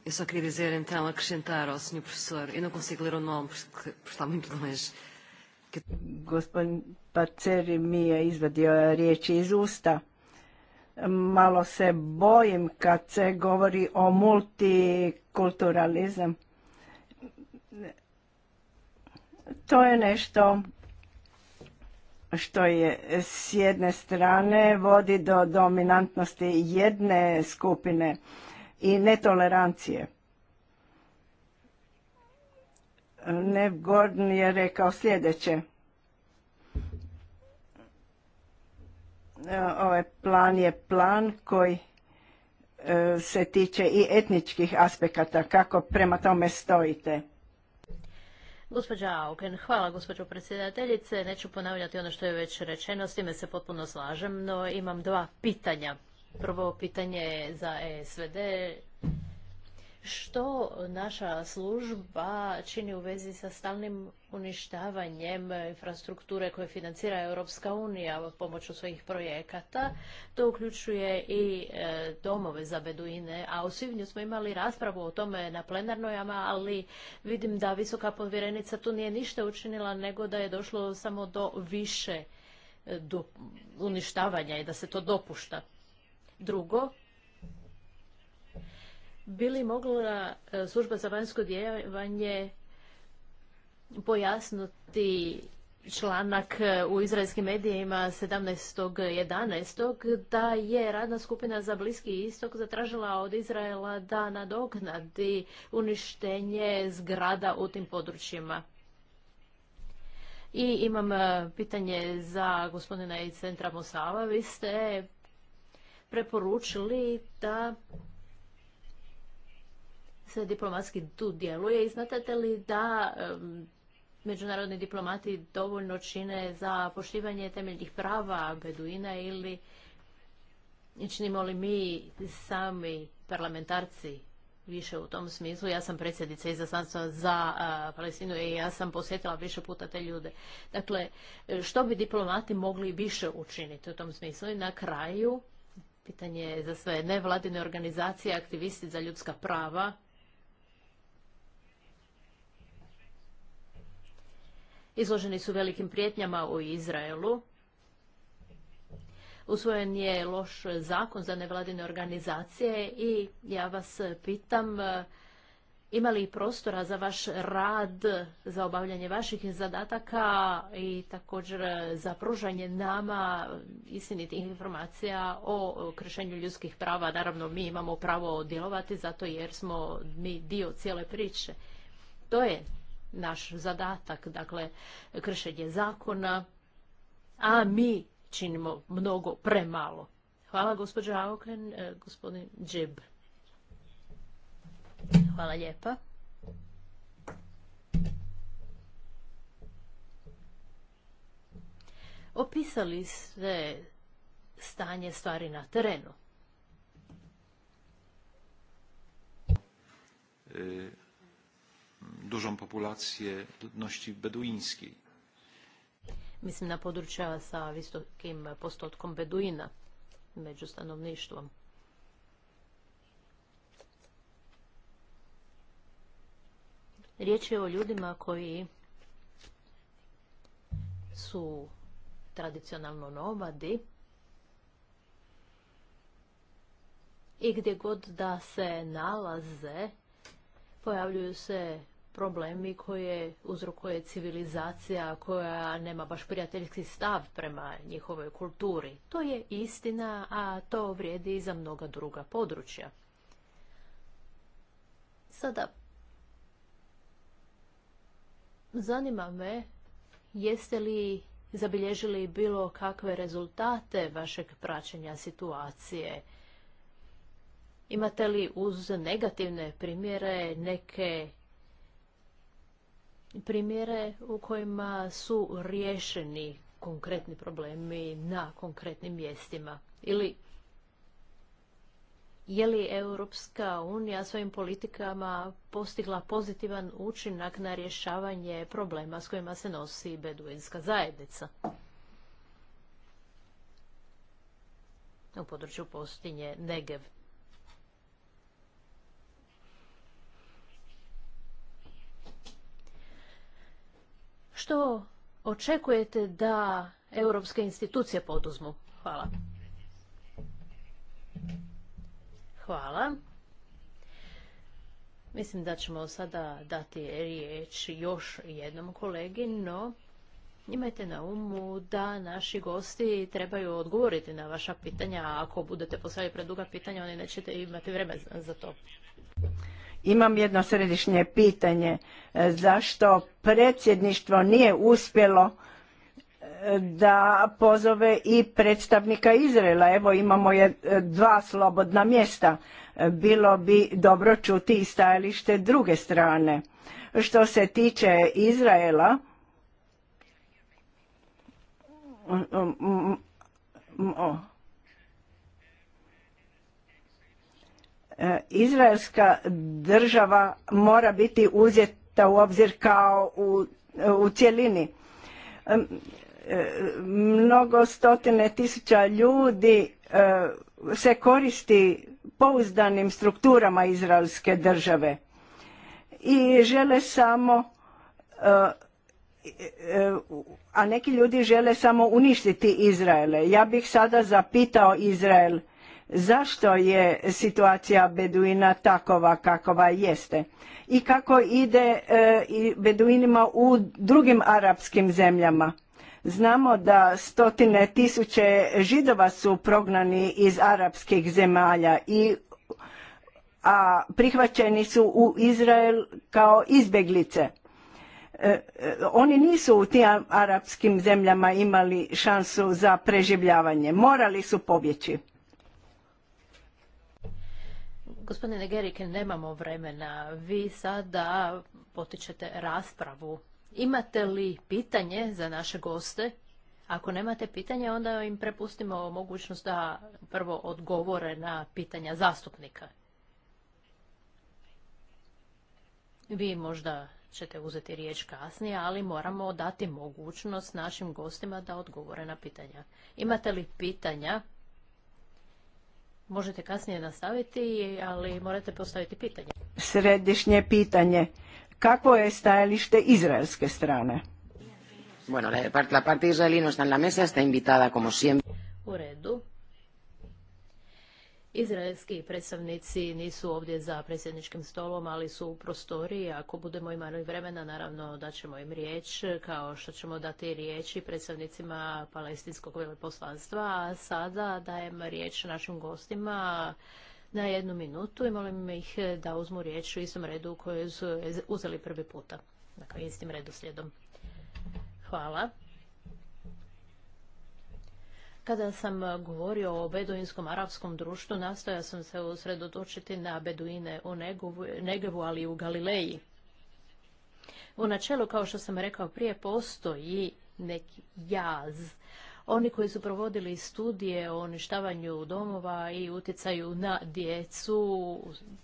Eu só queria dizer, então, acrescentar ao senhor professor, eu não consigo ler o nome porque, porque está muito longe. Que... Gospodin Paceri mi je izvadio riječi iz usta. Malo se bojim kad se govori o multikulturalizam. To je nešto što je s jedne strane vodi do dominantnosti jedne skupine i netolerancije. Nev Gordon je rekao sljedeće. E, ovaj plan je plan koji e, se tiče i etničkih aspekata, kako prema tome stojite. Gospođa Auken, hvala gospođo predsjedateljice. Neću ponavljati ono što je već rečeno, s time se potpuno slažem, no imam dva pitanja. Prvo pitanje za e SVD. Što naša služba čini u vezi sa stalnim uništavanjem infrastrukture koje financira Europska unija pomoću svojih projekata? To uključuje i e, domove za beduine, a u svibnju smo imali raspravu o tome na plenarnojama, ali vidim da visoka povjerenica tu nije ništa učinila, nego da je došlo samo do više e, uništavanja i da se to dopušta. Drugo, bi li mogla e, služba za vanjsko djelovanje pojasnuti članak e, u izraelskim medijima 17.11. da je radna skupina za Bliski istok zatražila od Izraela da nadoknadi uništenje zgrada u tim područjima. I imam e, pitanje za gospodina iz centra Mosava. Vi ste preporučili da se diplomatski tu djeluje i znate li da međunarodni diplomati dovoljno čine za poštivanje temeljnih prava Beduina ili činimo li mi sami parlamentarci više u tom smislu. Ja sam predsjednica izaslanstva za Palestinu i ja sam posjetila više puta te ljude. Dakle, e, što bi diplomati mogli više učiniti u tom smislu? I na kraju, Pitanje je za sve nevladine organizacije, aktivisti za ljudska prava. Izloženi su velikim prijetnjama u Izraelu. Usvojen je loš zakon za nevladine organizacije i ja vas pitam ima li prostora za vaš rad, za obavljanje vaših zadataka i također za pružanje nama istinitih informacija o kršenju ljudskih prava? Naravno, mi imamo pravo djelovati zato jer smo mi dio cijele priče. To je naš zadatak, dakle, kršenje zakona, a mi činimo mnogo premalo. Hvala gospođa Auken, e, gospodin Džib. Hvala lijepa. Opisali ste stanje stvari na terenu. E, dużą populację ludności beduińskiej. Mislim na područja sa visokim postotkom beduina među stanovništvom. Riječ je o ljudima koji su tradicionalno nomadi i gdje god da se nalaze pojavljuju se problemi koje uzrokuje civilizacija koja nema baš prijateljski stav prema njihovoj kulturi. To je istina, a to vrijedi i za mnoga druga područja. Sada Zanima me, jeste li zabilježili bilo kakve rezultate vašeg praćenja situacije? Imate li uz negativne primjere neke primjere u kojima su riješeni konkretni problemi na konkretnim mjestima? Ili je li Europska unija svojim politikama postigla pozitivan učinak na rješavanje problema s kojima se nosi beduinska zajednica? u području postinje Negev. Što očekujete da europske institucije poduzmu? Hvala. Hvala. Mislim da ćemo sada dati riječ još jednom kolegi, no imajte na umu da naši gosti trebaju odgovoriti na vaša pitanja, a ako budete postavili preduga pitanja, oni nećete imati vremena za to. Imam jedno središnje pitanje. E, zašto predsjedništvo nije uspjelo da pozove i predstavnika Izraela. Evo imamo je e, dva slobodna mjesta. E, bilo bi dobro čuti i stajalište druge strane. Što se tiče Izraela, e, Izraelska država mora biti uzeta u obzir kao u, u cjelini E, mnogo stotine tisuća ljudi e, se koristi pouzdanim strukturama izraelske države i žele samo e, a neki ljudi žele samo uništiti Izraele. Ja bih sada zapitao Izrael zašto je situacija Beduina takova kakova jeste i kako ide Beduinima u drugim arapskim zemljama Znamo da stotine tisuće židova su prognani iz arapskih zemalja i a prihvaćeni su u Izrael kao izbjeglice. E, e, oni nisu u tim arapskim zemljama imali šansu za preživljavanje. Morali su pobjeći. Gospodine Gerike, nemamo vremena. Vi sada potičete raspravu Imate li pitanje za naše goste? Ako nemate pitanja, onda im prepustimo mogućnost da prvo odgovore na pitanja zastupnika. Vi možda ćete uzeti riječ kasnije, ali moramo dati mogućnost našim gostima da odgovore na pitanja. Imate li pitanja? Možete kasnije nastaviti, ali morate postaviti pitanje. Središnje pitanje Kakvo je stajalište izraelske strane? Bueno, la parte israelí no está en la mesa, está invitada como siempre. U redu. Izraelski predstavnici nisu ovdje za predsjedničkim stolom, ali su u prostoriji. Ako budemo imali vremena, naravno da ćemo im riječ, kao što ćemo dati riječi predstavnicima palestinskog veleposlanstva. A sada dajem riječ našim gostima na jednu minutu i molim ih eh, da uzmu riječ u istom redu u kojoj su eh, uzeli prvi puta. Dakle, istim redoslijedom. Hvala. Kada sam eh, govorio o beduinskom arapskom društvu, nastoja sam se usredotočiti na beduine u Negevu, ali i u Galileji. U načelu, kao što sam rekao prije, postoji neki jaz oni koji su provodili studije o uništavanju domova i utjecaju na djecu,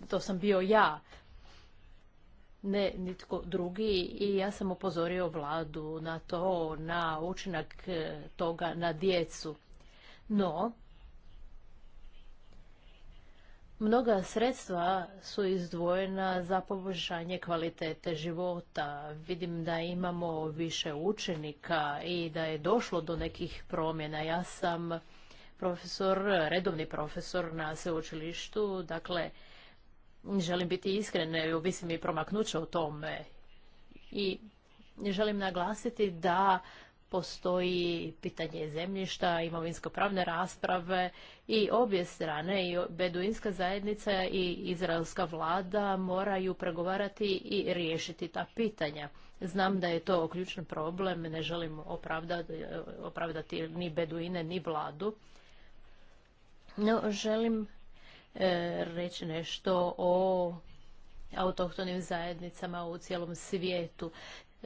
to sam bio ja, ne nitko drugi i ja sam upozorio vladu na to, na učinak eh, toga na djecu. No, Mnoga sredstva su izdvojena za poboljšanje kvalitete života. Vidim da imamo više učenika i da je došlo do nekih promjena. Ja sam profesor, redovni profesor na sveučilištu, dakle želim biti iskren, se mi promaknuće u tome. I želim naglasiti da postoji pitanje zemljišta, imovinsko-pravne rasprave i obje strane, i beduinska zajednica i izraelska vlada moraju pregovarati i riješiti ta pitanja. Znam da je to ključni problem, ne želim opravdati, ni beduine, ni vladu. No, želim e, reći nešto o autohtonim zajednicama u cijelom svijetu.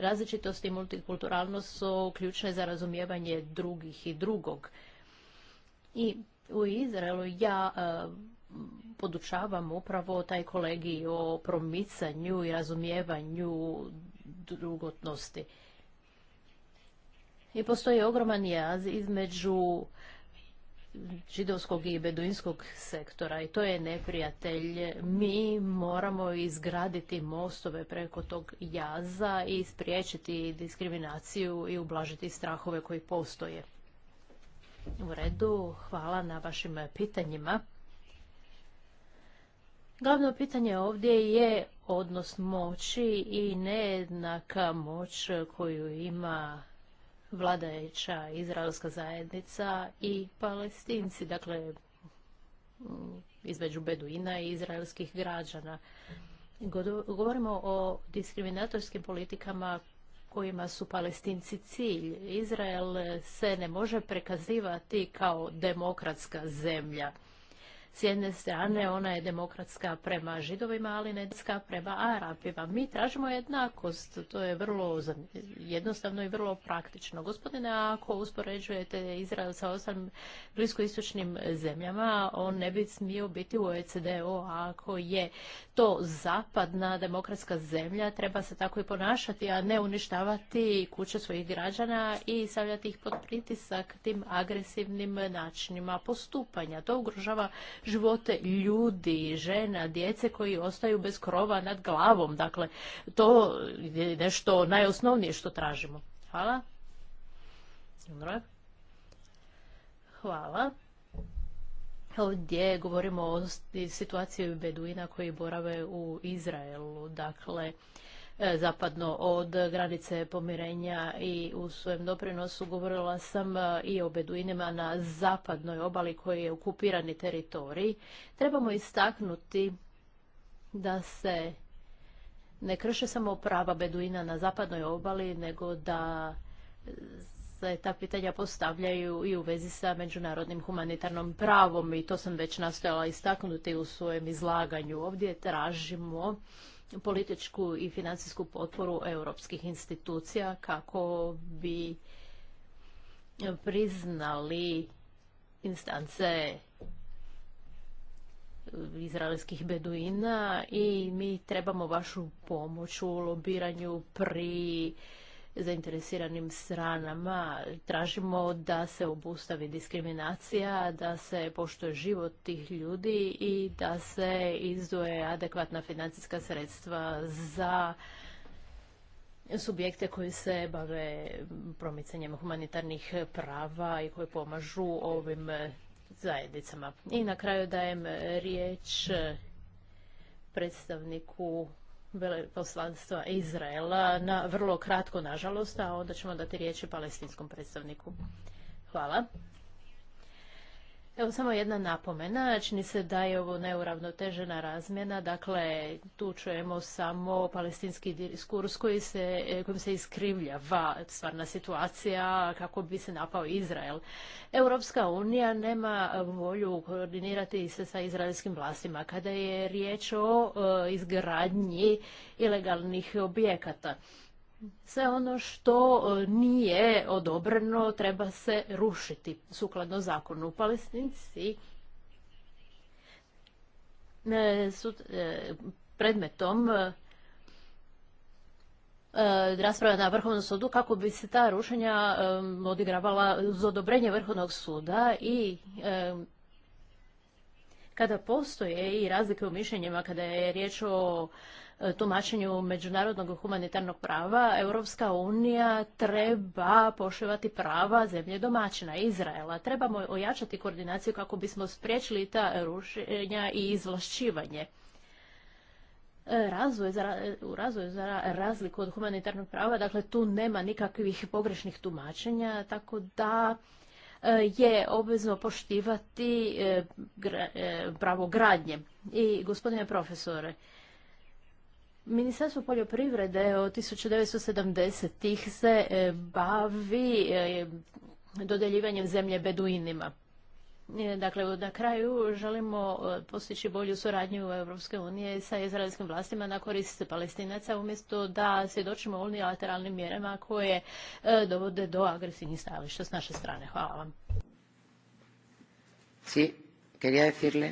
Različitost i multikulturalnost su ključne za razumijevanje drugih i drugog. I u Izraelu ja e, podučavam upravo taj kolegi o promicanju i razumijevanju drugotnosti. I postoji ogroman jaz između židovskog i beduinskog sektora i to je neprijatelj. Mi moramo izgraditi mostove preko tog jaza i spriječiti diskriminaciju i ublažiti strahove koji postoje. U redu, hvala na vašim pitanjima. Glavno pitanje ovdje je odnos moći i nejednaka moć koju ima vladajuća izraelska zajednica i palestinci, dakle mm, između Beduina i izraelskih građana. Govorimo o diskriminatorskim politikama kojima su palestinci cilj. Izrael se ne može prekazivati kao demokratska zemlja. S jedne strane ona je demokratska prema židovima, ali ne prema Arapima. Mi tražimo jednakost. To je vrlo jednostavno i vrlo praktično. Gospodine, ako uspoređujete Izrael sa osam bliskoistočnim zemljama, on ne bi smio biti u e OECD-u. Ako je to zapadna demokratska zemlja, treba se tako i ponašati, a ne uništavati kuće svojih građana i stavljati ih pod pritisak tim agresivnim načinima postupanja. To ugrožava živote ljudi, žena, djece koji ostaju bez krova nad glavom. Dakle, to je nešto najosnovnije što tražimo. Hvala. Hvala. Ovdje govorimo o situaciji beduina koji borave u Izraelu. Dakle, E, zapadno od granice pomirenja i u svojem doprinosu govorila sam e, i o Beduinima na zapadnoj obali koji je okupirani teritorij. Trebamo istaknuti da se ne krše samo prava Beduina na zapadnoj obali, nego da se ta pitanja postavljaju i u vezi sa međunarodnim humanitarnom pravom i to sam već nastojala istaknuti u svojem izlaganju. Ovdje tražimo političku i financijsku potporu europskih institucija kako bi priznali instance izraelskih beduina i mi trebamo vašu pomoć u lobiranju pri zainteresiranim stranama. Tražimo da se obustavi diskriminacija, da se poštuje život tih ljudi i da se izduje adekvatna financijska sredstva za subjekte koji se bave promicanjem humanitarnih prava i koji pomažu ovim zajednicama. I na kraju dajem riječ predstavniku veleposlanstva Izraela na vrlo kratko, nažalost, a onda ćemo dati riječi palestinskom predstavniku. Hvala. Evo samo jedna napomena, čini se da je ovo neuravnotežena razmjena, dakle tu čujemo samo palestinski diskurs koji se, e, kojim se iskrivljava stvarna situacija kako bi se napao Izrael. Europska unija nema volju koordinirati se sa izraelskim vlastima kada je riječ o e, izgradnji ilegalnih objekata sve ono što e, nije odobreno treba se rušiti sukladno zakonu. Palestinci e, e, predmetom rasprave na Vrhovnom sudu kako bi se ta rušenja odigravala uz odobrenje Vrhovnog suda i kada postoje i razlike u mišljenjima kada je riječ o E, tumačenju međunarodnog humanitarnog prava Europska unija treba poštivati prava zemlje domaćina Izraela. Trebamo ojačati koordinaciju kako bismo spriječili ta rušenja i izvlašćivanje. E, razvoj za, u razvoju za razliku od humanitarnog prava, dakle tu nema nikakvih pogrešnih tumačenja, tako da e, je obvezno poštivati pravo gradnje. I gospodine profesore, Ministarstvo poljoprivrede od 1970-ih se e, bavi e, dodeljivanjem zemlje beduinima. E, dakle, na kraju želimo postići bolju suradnju Europske unije sa izraelskim vlastima na korist palestinaca umjesto da svjedočimo unilateralnim mjerama koje dovode do agresivnih stajališta s naše strane. Hvala vam. Sí, decirle.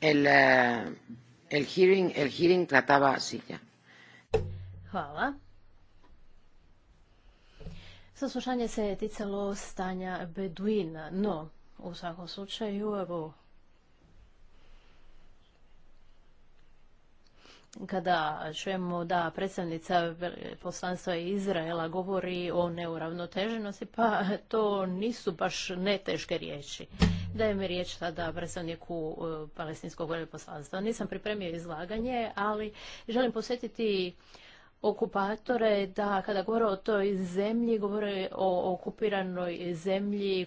El, El Saslušanje se je ticalo stanja Beduina, no u svakom slučaju, evo, kada čujemo da predstavnica poslanstva Izraela govori o neuravnoteženosti, pa to nisu baš neteške riječi. Dajem riječ sada predstavniku e, palestinskog veleposlanstva. Nisam pripremio izlaganje, ali želim posjetiti okupatore da kada govore o toj zemlji, govore o okupiranoj zemlji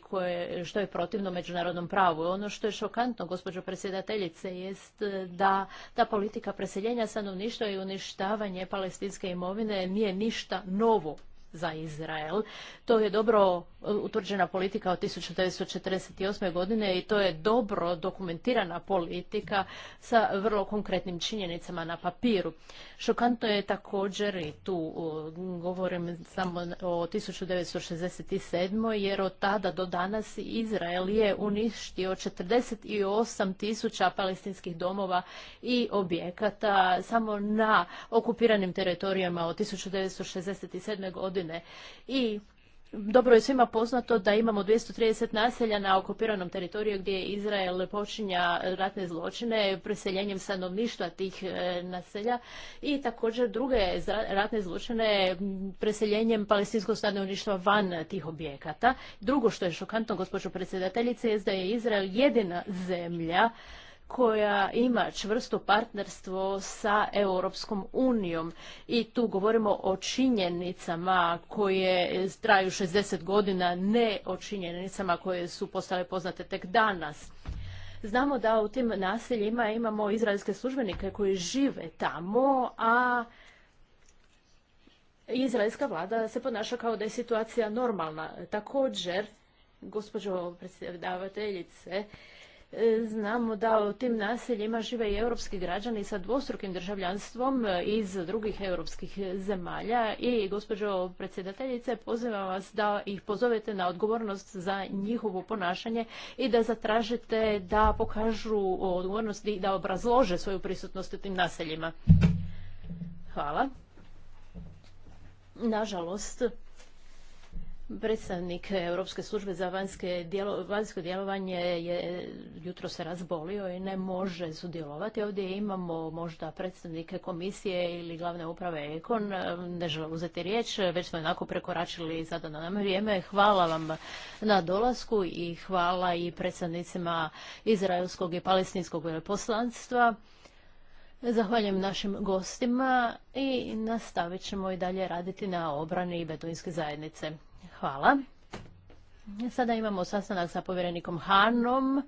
što je protivno međunarodnom pravu. Ono što je šokantno, gospođo predsjedateljice, jest da ta politika preseljenja stanovništva i uništavanje palestinske imovine nije ništa novo za Izrael. To je dobro utvrđena politika od 1948. godine i to je dobro dokumentirana politika sa vrlo konkretnim činjenicama na papiru. Šokantno je također i tu govorim samo o 1967. jer od tada do danas Izrael je uništio 48 tisuća palestinskih domova i objekata samo na okupiranim teritorijama od 1967. godine i dobro je svima poznato da imamo 230 naselja na okupiranom teritoriju gdje Izrael počinja ratne zločine preseljenjem stanovništva tih e, naselja i također druge ratne zločine preseljenjem palestinskog stanovništva van tih objekata. Drugo što je šokantno, gospođo predsjedateljice, je da je Izrael jedina zemlja koja ima čvrsto partnerstvo sa Europskom unijom i tu govorimo o činjenicama koje traju 60 godina, ne o činjenicama koje su postale poznate tek danas. Znamo da u tim naseljima imamo izraelske službenike koji žive tamo, a izraelska vlada se ponaša kao da je situacija normalna. Također, gospođo predsjedavateljice, Znamo da u tim naseljima žive i europski građani sa dvostrukim državljanstvom iz drugih europskih zemalja i gospođo predsjedateljice pozivam vas da ih pozovete na odgovornost za njihovo ponašanje i da zatražite da pokažu odgovornost i da obrazlože svoju prisutnost u tim naseljima. Hvala. Nažalost, Predstavnik Europske službe za vanjsko djelovanje je jutro se razbolio i ne može sudjelovati. Ovdje imamo možda predstavnike komisije ili glavne uprave Ekon. Ne želim uzeti riječ, već smo jednako prekoračili sada na nam vrijeme. Hvala vam na dolasku i hvala i predstavnicima izraelskog i palestinskog veleposlanstva. Zahvaljujem našim gostima i nastavit ćemo i dalje raditi na obrani i beduinske zajednice. Hvala. Sada imamo sastanak sa povjerenikom Hanom.